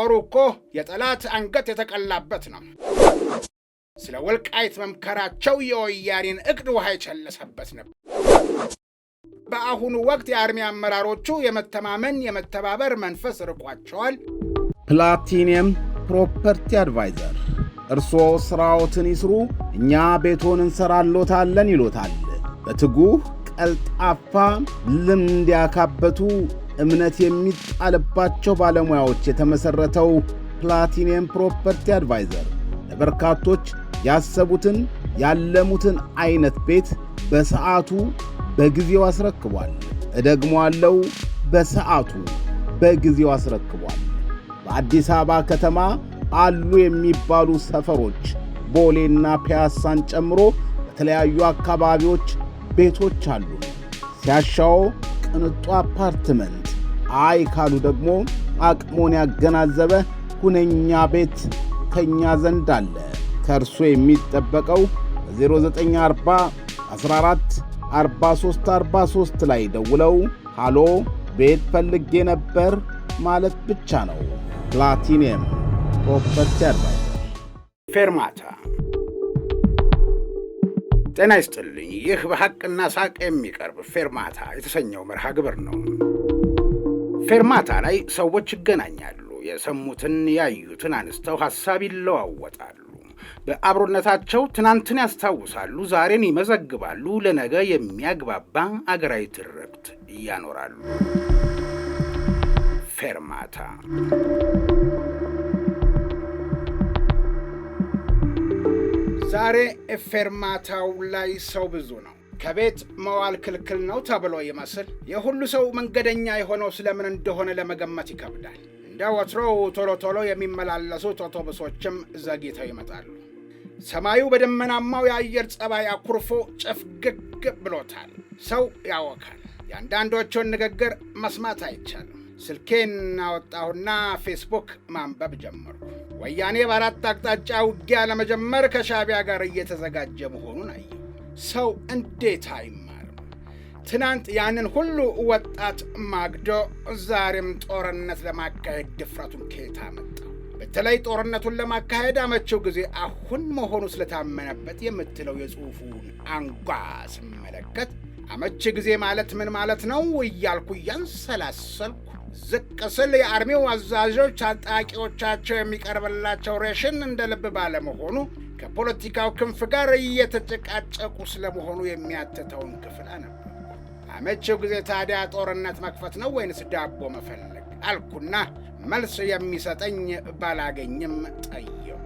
ጦሩ እኮ የጠላት አንገት የተቀላበት ነው። ስለ ወልቃይት መምከራቸው የወያኔን እቅድ ውሃ የቸለሰበት ነበር። በአሁኑ ወቅት የአርሚ አመራሮቹ የመተማመን የመተባበር መንፈስ ርቋቸዋል። ፕላቲኒየም ፕሮፐርቲ አድቫይዘር እርስዎ ሥራዎትን ይስሩ፣ እኛ ቤቶን እንሰራሎታለን ይሎታል። በትጉህ ቀልጣፋ ልምድ ያካበቱ እምነት የሚጣልባቸው ባለሙያዎች የተመሠረተው ፕላቲኒየም ፕሮፐርቲ አድቫይዘር ለበርካቶች ያሰቡትን ያለሙትን አይነት ቤት በሰዓቱ በጊዜው አስረክቧል። እደግሞ አለው በሰዓቱ በጊዜው አስረክቧል። በአዲስ አበባ ከተማ አሉ የሚባሉ ሰፈሮች ቦሌና ፒያሳን ጨምሮ በተለያዩ አካባቢዎች ቤቶች አሉ። ሲያሻው ቅንጡ አፓርትመንት አይ ካሉ ደግሞ አቅሞን ያገናዘበ ሁነኛ ቤት ከኛ ዘንድ አለ። ከእርሱ የሚጠበቀው በ0940 14 43 ላይ ደውለው ሃሎ ቤት ፈልጌ ነበር ማለት ብቻ ነው። ፕላቲኒየም ፕሮፐርቲ አድቫይዘር ፌርማታ። ጤና ይስጥልኝ። ይህ በሐቅና ሳቅ የሚቀርብ ፌርማታ የተሰኘው መርሃ ግብር ነው። ፌርማታ ላይ ሰዎች ይገናኛሉ። የሰሙትን ያዩትን አንስተው ሐሳብ ይለዋወጣሉ። በአብሮነታቸው ትናንትን ያስታውሳሉ፣ ዛሬን ይመዘግባሉ፣ ለነገ የሚያግባባ አገራዊ ትርክት እያኖራሉ። ፌርማታ ዛሬ ፌርማታው ላይ ሰው ብዙ ነው። ከቤት መዋል ክልክል ነው ተብሎ ይመስል የሁሉ ሰው መንገደኛ የሆነው ስለምን እንደሆነ ለመገመት ይከብዳል። እንደ ወትሮው ቶሎ ቶሎ የሚመላለሱት አውቶቡሶችም ዘግይተው ይመጣሉ። ሰማዩ በደመናማው የአየር ጸባይ አኩርፎ ጭፍግግ ብሎታል። ሰው ያወካል። የአንዳንዶቹን ንግግር መስማት አይቻልም። ስልኬን አወጣሁና ፌስቡክ ማንበብ ጀመሩ። ወያኔ በአራት አቅጣጫ ውጊያ ለመጀመር ከሻቢያ ጋር እየተዘጋጀ መሆኑን አየሁ። ሰው እንዴት አይማርም? ትናንት ያንን ሁሉ ወጣት ማግዶ ዛሬም ጦርነት ለማካሄድ ድፍረቱን ከየት አመጣው? በተለይ ጦርነቱን ለማካሄድ አመቸው ጊዜ አሁን መሆኑ ስለታመነበት የምትለው የጽሑፉን አንጓ ስመለከት አመች ጊዜ ማለት ምን ማለት ነው እያልኩ እያንሰላሰልኩ ዝቅ ስል የአርሚው አዛዦች ታጣቂዎቻቸው የሚቀርብላቸው ሬሽን እንደ ልብ ባለመሆኑ ከፖለቲካው ክንፍ ጋር እየተጨቃጨቁ ስለመሆኑ የሚያትተውን ክፍል አነበብኩ። አመቼው ጊዜ ታዲያ ጦርነት መክፈት ነው ወይንስ ዳቦ መፈለግ አልኩና መልስ የሚሰጠኝ ባላገኝም ጠየው።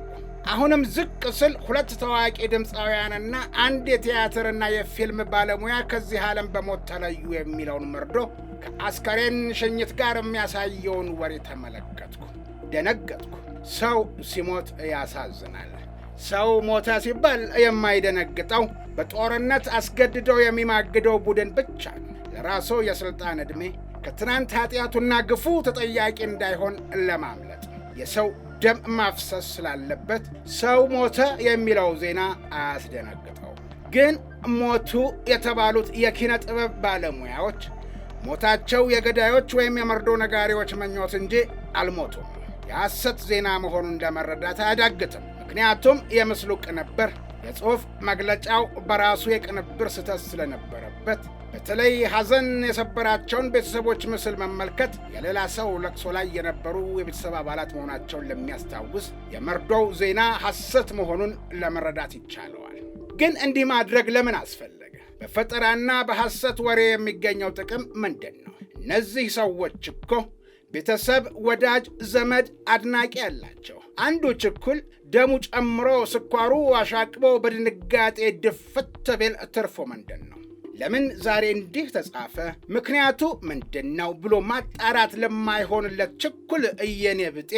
አሁንም ዝቅ ስል ሁለት ታዋቂ ድምፃውያንና አንድ የቲያትርና የፊልም ባለሙያ ከዚህ ዓለም በሞት ተለዩ የሚለውን መርዶ ከአስከሬን ሽኝት ጋር የሚያሳየውን ወሬ ተመለከትኩ። ደነገጥኩ። ሰው ሲሞት ያሳዝናል። ሰው ሞተ ሲባል የማይደነግጠው በጦርነት አስገድደው የሚማግደው ቡድን ብቻ ነው። ለራሱ የሥልጣን ዕድሜ ከትናንት ኃጢአቱና ግፉ ተጠያቂ እንዳይሆን ለማምለጥ የሰው ደም ማፍሰስ ስላለበት ሰው ሞተ የሚለው ዜና አያስደነግጠው። ግን ሞቱ የተባሉት የኪነ ጥበብ ባለሙያዎች ሞታቸው የገዳዮች ወይም የመርዶ ነጋሪዎች መኞት እንጂ አልሞቱም። የሐሰት ዜና መሆኑን ለመረዳት አያዳግትም። ምክንያቱም የምስሉ ቅንብር የጽሑፍ መግለጫው በራሱ የቅንብር ስህተት ስለነበረበት በተለይ ሐዘን የሰበራቸውን ቤተሰቦች ምስል መመልከት የሌላ ሰው ለቅሶ ላይ የነበሩ የቤተሰብ አባላት መሆናቸውን ለሚያስታውስ የመርዶው ዜና ሐሰት መሆኑን ለመረዳት ይቻለዋል። ግን እንዲህ ማድረግ ለምን አስፈለገ? በፈጠራና በሐሰት ወሬ የሚገኘው ጥቅም ምንድን ነው? እነዚህ ሰዎች እኮ ቤተሰብ፣ ወዳጅ፣ ዘመድ፣ አድናቂ አላቸው። አንዱ ችኩል ደሙ ጨምሮ ስኳሩ አሻቅቦ በድንጋጤ ድፍት ቤል ትርፎ መንደን ነው። ለምን ዛሬ እንዲህ ተጻፈ፣ ምክንያቱ ምንድን ነው ብሎ ማጣራት ለማይሆንለት ችኩል እየኔ ብጤ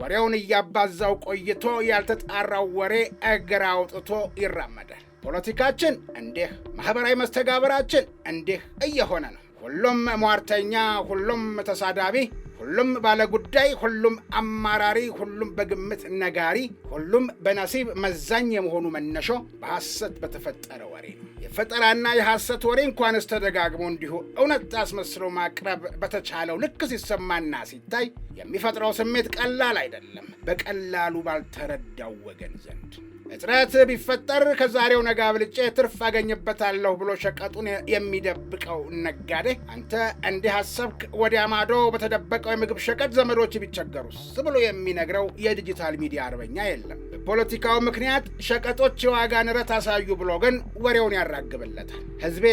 ወሬውን እያባዛው ቆይቶ ያልተጣራው ወሬ እግር አውጥቶ ይራመዳል። ፖለቲካችን እንዲህ፣ ማኅበራዊ መስተጋበራችን እንዲህ እየሆነ ነው። ሁሉም ሟርተኛ፣ ሁሉም ተሳዳቢ ሁሉም ባለጉዳይ፣ ሁሉም አማራሪ፣ ሁሉም በግምት ነጋሪ፣ ሁሉም በነሲብ መዛኝ የመሆኑ መነሾ በሐሰት በተፈጠረ ወሬ ነው። የፈጠራና የሐሰት ወሬ እንኳንስ ተደጋግሞ እንዲሁ እውነት አስመስሎ ማቅረብ በተቻለው ልክ ሲሰማና ሲታይ የሚፈጥረው ስሜት ቀላል አይደለም፣ በቀላሉ ባልተረዳው ወገን ዘንድ። እጥረት ቢፈጠር ከዛሬው ነገ አብልጬ ትርፍ አገኝበታለሁ ብሎ ሸቀጡን የሚደብቀው ነጋዴ አንተ እንዲህ አሰብክ፣ ወዲያ ማዶ በተደበቀው የምግብ ሸቀጥ ዘመዶች ቢቸገሩስ ብሎ የሚነግረው የዲጂታል ሚዲያ አርበኛ የለም። በፖለቲካው ምክንያት ሸቀጦች የዋጋ ንረት አሳዩ ብሎ ግን ወሬውን ያ ያራግብለታል። ህዝቤ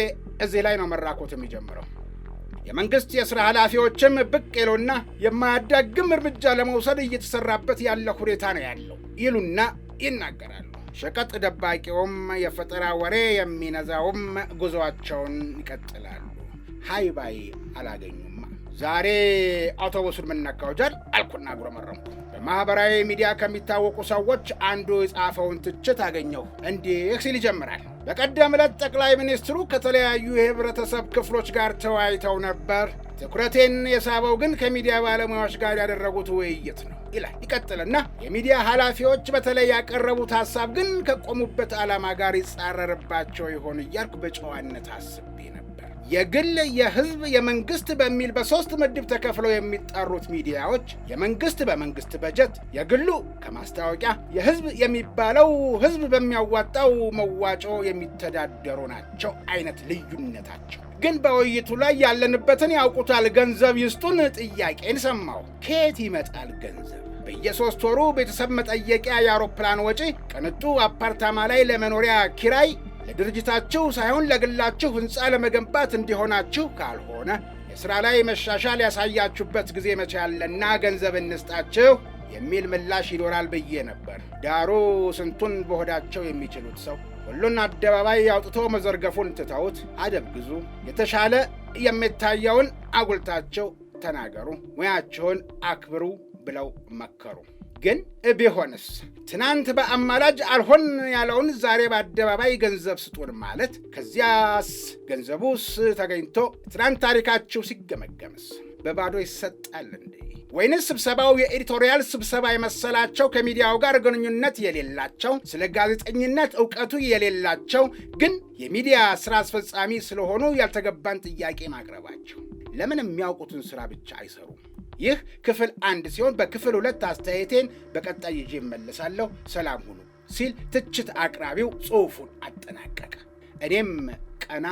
እዚህ ላይ ነው መራኮት የሚጀምረው። የመንግሥት የሥራ ኃላፊዎችም ብቅ ይሉና የማያዳግም እርምጃ ለመውሰድ እየተሠራበት ያለ ሁኔታ ነው ያለው ይሉና ይናገራሉ። ሸቀጥ ደባቂውም የፈጠራ ወሬ የሚነዛውም ጉዞአቸውን ይቀጥላሉ። ሃይባይ አላገኙም። ዛሬ አውቶቡሱን የምናካውጃል አልኩና አጉረመረምኩ። በማኅበራዊ ሚዲያ ከሚታወቁ ሰዎች አንዱ የጻፈውን ትችት አገኘሁ። እንዲህ ሲል ይጀምራል። በቀደም ዕለት ጠቅላይ ሚኒስትሩ ከተለያዩ የህብረተሰብ ክፍሎች ጋር ተወያይተው ነበር። ትኩረቴን የሳበው ግን ከሚዲያ ባለሙያዎች ጋር ያደረጉት ውይይት ነው ይላል። ይቀጥልና የሚዲያ ኃላፊዎች በተለይ ያቀረቡት ሀሳብ ግን ከቆሙበት ዓላማ ጋር ይጻረርባቸው ይሆን እያልኩ በጨዋነት አስቤ ነበር። የግል፣ የህዝብ፣ የመንግስት በሚል በሶስት ምድብ ተከፍለው የሚጠሩት ሚዲያዎች የመንግስት በመንግስት በጀት፣ የግሉ ከማስታወቂያ፣ የህዝብ የሚባለው ህዝብ በሚያዋጣው መዋጮ የሚተዳደሩ ናቸው። አይነት ልዩነታቸው ግን በውይይቱ ላይ ያለንበትን ያውቁታል። ገንዘብ ይስጡን ጥያቄን ሰማሁ። ከየት ይመጣል ገንዘብ? በየሶስት ወሩ ቤተሰብ መጠየቂያ የአውሮፕላን ወጪ፣ ቅንጡ አፓርታማ ላይ ለመኖሪያ ኪራይ ለድርጅታችሁ ሳይሆን ለግላችሁ ሕንፃ ለመገንባት እንዲሆናችሁ ካልሆነ የሥራ ላይ መሻሻል ያሳያችሁበት ጊዜ መቼ ያለና ገንዘብ እንስጣችሁ የሚል ምላሽ ይኖራል ብዬ ነበር። ዳሩ ስንቱን በሆዳቸው የሚችሉት ሰው ሁሉን አደባባይ አውጥቶ መዘርገፉን ትተውት አደብግዙ የተሻለ የሚታየውን አጉልታቸው ተናገሩ፣ ሙያችሁን አክብሩ ብለው መከሩ። ግን ቢሆንስ ትናንት በአማላጅ አልሆን ያለውን ዛሬ በአደባባይ ገንዘብ ስጡን ማለት ከዚያስ ገንዘቡስ ተገኝቶ ትናንት ታሪካችሁ ሲገመገምስ በባዶ ይሰጣል እንዴ? ወይንስ ስብሰባው የኤዲቶሪያል ስብሰባ የመሰላቸው ከሚዲያው ጋር ግንኙነት የሌላቸው ስለ ጋዜጠኝነት እውቀቱ የሌላቸው ግን የሚዲያ ስራ አስፈጻሚ ስለሆኑ ያልተገባን ጥያቄ ማቅረባቸው ለምን የሚያውቁትን ስራ ብቻ አይሰሩም? ይህ ክፍል አንድ ሲሆን በክፍል ሁለት አስተያየቴን በቀጣይ ይዤ እመለሳለሁ። ሰላም ሁኑ ሲል ትችት አቅራቢው ጽሑፉን አጠናቀቀ። እኔም ቀና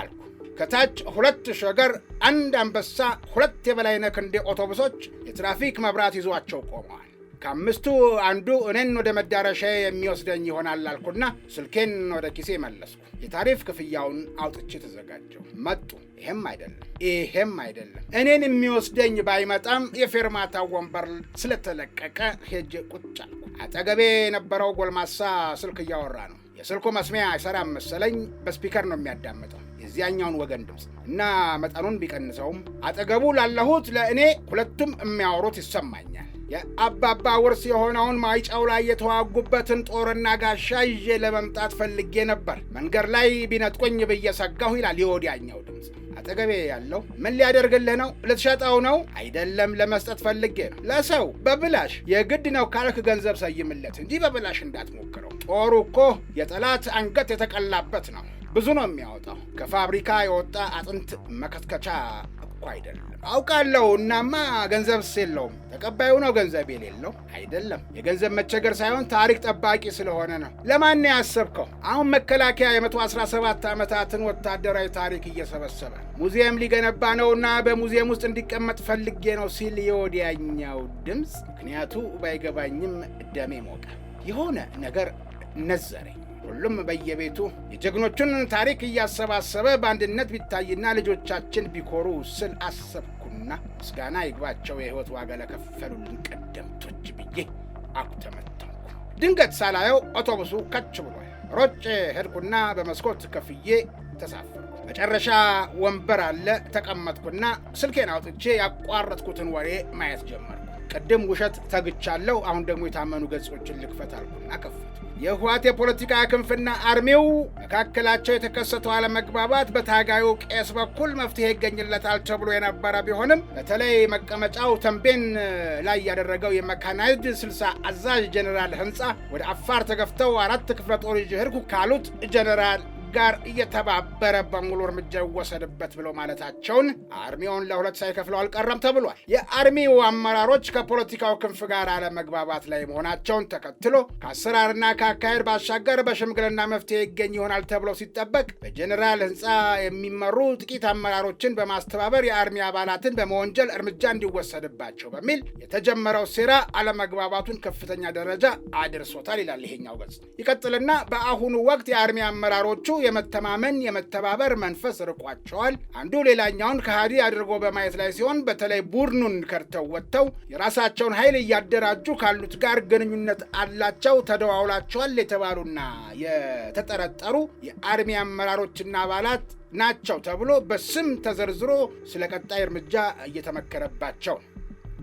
አልኩ። ከታች ሁለት ሸገር፣ አንድ አንበሳ፣ ሁለት የበላይነህ ክንዴ አውቶቡሶች የትራፊክ መብራት ይዟቸው ቆመዋል። ከአምስቱ አንዱ እኔን ወደ መዳረሻ የሚወስደኝ ይሆናል አልኩና ስልኬን ወደ ኪሴ መለስኩ። የታሪፍ ክፍያውን አውጥቼ ተዘጋጀው። መጡ። ይሄም አይደለም፣ ይሄም አይደለም። እኔን የሚወስደኝ ባይመጣም የፌርማታ ወንበር ስለተለቀቀ ሄጄ ቁጭ አልኩ። አጠገቤ የነበረው ጎልማሳ ስልክ እያወራ ነው። የስልኩ መስሚያ አይሰራም መሰለኝ። በስፒከር ነው የሚያዳምጠው የዚያኛውን ወገን ድምፅ እና መጠኑን ቢቀንሰውም አጠገቡ ላለሁት ለእኔ ሁለቱም የሚያወሩት ይሰማኛል። የአባባ ውርስ የሆነውን ማይጨው ላይ የተዋጉበትን ጦርና ጋሻ ይዤ ለመምጣት ፈልጌ ነበር። መንገድ ላይ ቢነጥቁኝ ብዬ ሰጋሁ ይላል የወዲያኛው ድምፅ። አጠገቤ ያለው ምን ሊያደርግልህ ነው? ልትሸጠው ነው? አይደለም፣ ለመስጠት ፈልጌ ነው። ለሰው በብላሽ የግድ ነው ካልክ ገንዘብ ሰይምለት እንጂ በብላሽ እንዳትሞክረው። ጦሩ እኮ የጠላት አንገት የተቀላበት ነው። ብዙ ነው የሚያወጣው። ከፋብሪካ የወጣ አጥንት መከትከቻ እኮ አይደለም አውቃለሁ። እናማ ገንዘብ የለውም። ተቀባዩ ነው ገንዘብ የሌለው አይደለም። የገንዘብ መቸገር ሳይሆን ታሪክ ጠባቂ ስለሆነ ነው። ለማን ያሰብከው? አሁን መከላከያ የ117 ዓመታትን ወታደራዊ ታሪክ እየሰበሰበ ሙዚየም ሊገነባ ነውና በሙዚየም ውስጥ እንዲቀመጥ ፈልጌ ነው ሲል የወዲያኛው ድምፅ ምክንያቱ ባይገባኝም ደሜ ሞቀ። የሆነ ነገር ነዘረኝ። ሁሉም በየቤቱ የጀግኖቹን ታሪክ እያሰባሰበ በአንድነት ቢታይና ልጆቻችን ቢኮሩ ስል አሰብኩና ምስጋና ይግባቸው የሕይወት ዋጋ ለከፈሉልን ቀደምቶች ብዬ አኩተመተምኩ። ድንገት ሳላየው አውቶቡሱ ከች ብሏል። ሮጬ ሄድኩና በመስኮት ከፍዬ ተሳፈርኩ። መጨረሻ ወንበር አለ ተቀመጥኩና ስልኬን አውጥቼ ያቋረጥኩትን ወሬ ማየት ጀመርኩ። ቅድም ውሸት ተግቻለሁ፣ አሁን ደግሞ የታመኑ ገጾችን ልክፈት አልኩና ከፍቱ የህወሓት የፖለቲካ ክንፍና አርሚው መካከላቸው የተከሰተው አለመግባባት በታጋዩ ቄስ በኩል መፍትሄ ይገኝለታል ተብሎ የነበረ ቢሆንም በተለይ መቀመጫው ተንቤን ላይ ያደረገው የመካናይድ ስልሳ አዛዥ ጀኔራል ህንፃ ወደ አፋር ተገፍተው አራት ክፍለ ጦር ይዤ ሄድኩ ካሉት ጀኔራል ጋር እየተባበረ በሙሉ እርምጃ ይወሰድበት ብለው ማለታቸውን አርሚውን ለሁለት ሳይከፍለው አልቀረም ተብሏል። የአርሚው አመራሮች ከፖለቲካው ክንፍ ጋር አለመግባባት ላይ መሆናቸውን ተከትሎ ከአሰራርና ከአካሄድ ባሻገር በሽምግልና መፍትሄ ይገኝ ይሆናል ተብሎ ሲጠበቅ በጀኔራል ህንፃ የሚመሩ ጥቂት አመራሮችን በማስተባበር የአርሚ አባላትን በመወንጀል እርምጃ እንዲወሰድባቸው በሚል የተጀመረው ሴራ አለመግባባቱን ከፍተኛ ደረጃ አድርሶታል ይላል ይሄኛው ገጽ። ይቀጥልና በአሁኑ ወቅት የአርሚ አመራሮቹ የመተማመን የመተባበር መንፈስ ርቋቸዋል። አንዱ ሌላኛውን ከሃዲ አድርጎ በማየት ላይ ሲሆን፣ በተለይ ቡድኑን ከርተው ወጥተው የራሳቸውን ኃይል እያደራጁ ካሉት ጋር ግንኙነት አላቸው፣ ተደዋውላቸዋል የተባሉና የተጠረጠሩ የአርሚ አመራሮችና አባላት ናቸው ተብሎ በስም ተዘርዝሮ ስለ ቀጣይ እርምጃ እየተመከረባቸው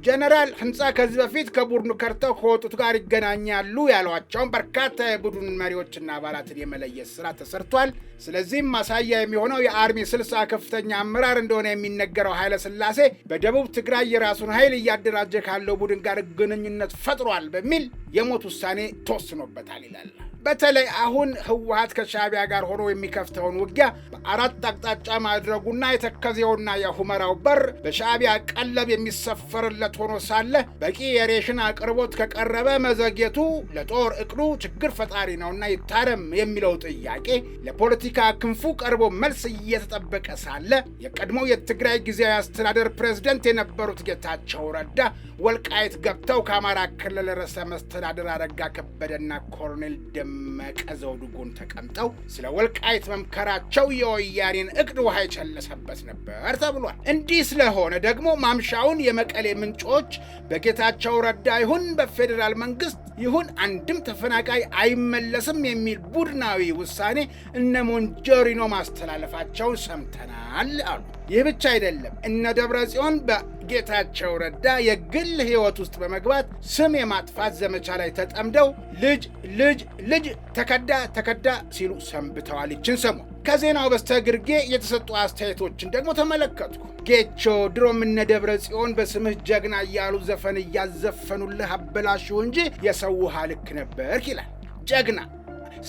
ጀነራል ህንፃ ከዚህ በፊት ከቡድኑ ከርተው ከወጡት ጋር ይገናኛሉ ያሏቸውን በርካታ የቡድን መሪዎችና አባላትን የመለየት ስራ ተሰርቷል። ስለዚህም ማሳያ የሚሆነው የአርሚ ስልሳ ከፍተኛ አመራር እንደሆነ የሚነገረው ኃይለ ስላሴ በደቡብ ትግራይ የራሱን ኃይል እያደራጀ ካለው ቡድን ጋር ግንኙነት ፈጥሯል በሚል የሞት ውሳኔ ተወስኖበታል ይላል። በተለይ አሁን ህወሀት ከሻቢያ ጋር ሆኖ የሚከፍተውን ውጊያ በአራት አቅጣጫ ማድረጉና የተከዜውና የሁመራው በር በሻቢያ ቀለብ የሚሰፈርለት ሆኖ ሳለ በቂ የሬሽን አቅርቦት ከቀረበ መዘግየቱ ለጦር እቅዱ ችግር ፈጣሪ ነውና ይታረም የሚለው ጥያቄ ለፖለቲካ ክንፉ ቀርቦ መልስ እየተጠበቀ ሳለ የቀድሞው የትግራይ ጊዜያዊ አስተዳደር ፕሬዝደንት የነበሩት ጌታቸው ረዳ ወልቃየት ገብተው ከአማራ ክልል ርዕሰ መስተዳደር አረጋ ከበደና ኮሎኔል ደመ ደመቀ ዘውዱ ጎን ተቀምጠው ስለ ወልቃይት መምከራቸው የወያኔን እቅድ ውሃ የቸለሰበት ነበር ተብሏል። እንዲህ ስለሆነ ደግሞ ማምሻውን የመቀሌ ምንጮች በጌታቸው ረዳ ይሁን በፌዴራል መንግስት ይሁን አንድም ተፈናቃይ አይመለስም የሚል ቡድናዊ ውሳኔ እነ ሞንጆሪኖ ማስተላለፋቸውን ሰምተናል አሉ። ይህ ብቻ አይደለም። እነ ደብረ ጽዮን በ ጌታቸው ረዳ የግል ሕይወት ውስጥ በመግባት ስም የማጥፋት ዘመቻ ላይ ተጠምደው ልጅ ልጅ ልጅ ተከዳ ተከዳ ሲሉ ሰንብተዋል። ይችን ሰሞን ከዜናው በስተግርጌ የተሰጡ አስተያየቶችን ደግሞ ተመለከትኩ። ጌቾ ድሮም እነ ደብረ ጽዮን በስምህ ጀግና እያሉ ዘፈን እያዘፈኑልህ አበላሽሁ እንጂ የሰው ውሃ ልክ ነበርክ ይላል። ጀግና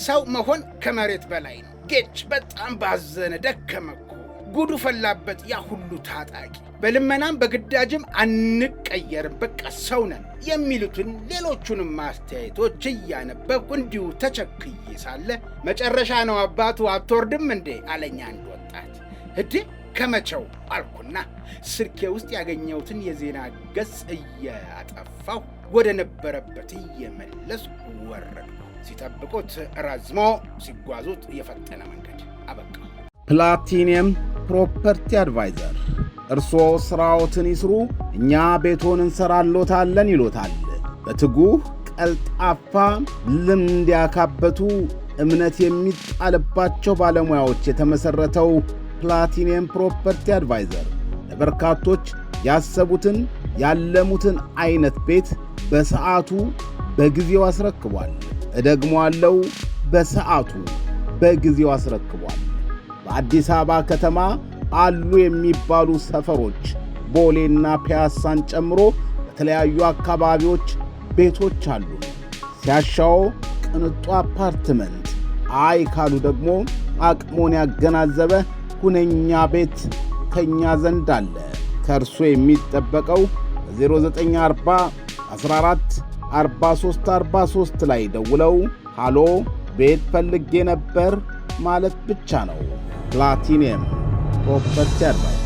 ሰው መሆን ከመሬት በላይ ነው። ጌች በጣም ባዘነ ደከመኩ ጉዱ ፈላበት ያ ሁሉ ታጣቂ። በልመናም በግዳጅም አንቀየርም፣ በቃ ሰው ነን የሚሉትን ሌሎቹንም አስተያየቶች እያነበብኩ እንዲሁ ተቸክዬ ሳለ መጨረሻ ነው አባቱ አትወርድም እንዴ አለኝ አንድ ወጣት። እዴ ከመቼው አልኩና ስልኬ ውስጥ ያገኘሁትን የዜና ገጽ እያጠፋሁ ወደ ነበረበት እየመለስ ወረድኩ። ሲጠብቁት ረዝሞ ሲጓዙት የፈጠነ መንገድ አበቃ። ፕላቲኒየም ፕሮፐርቲ አድቫይዘር። እርሶ ሥራዎትን ይስሩ፣ እኛ ቤቶን እንሰራሎታለን ይሎታል። በትጉህ ቀልጣፋ፣ ልምድ ያካበቱ፣ እምነት የሚጣልባቸው ባለሙያዎች የተመሠረተው ፕላቲኒየም ፕሮፐርቲ አድቫይዘር ለበርካቶች ያሰቡትን ያለሙትን አይነት ቤት በሰዓቱ በጊዜው አስረክቧል። እደግሞ አለው በሰዓቱ በጊዜው አስረክቧል። በአዲስ አበባ ከተማ አሉ የሚባሉ ሰፈሮች ቦሌና ፒያሳን ጨምሮ በተለያዩ አካባቢዎች ቤቶች አሉ። ሲያሻው ቅንጡ አፓርትመንት፣ አይ ካሉ ደግሞ አቅሞን ያገናዘበ ሁነኛ ቤት ከእኛ ዘንድ አለ። ከእርሶ የሚጠበቀው በ0940 ላይ ደውለው ሃሎ ቤት ፈልጌ ነበር ማለት ብቻ ነው። Platinum Copper Turbine.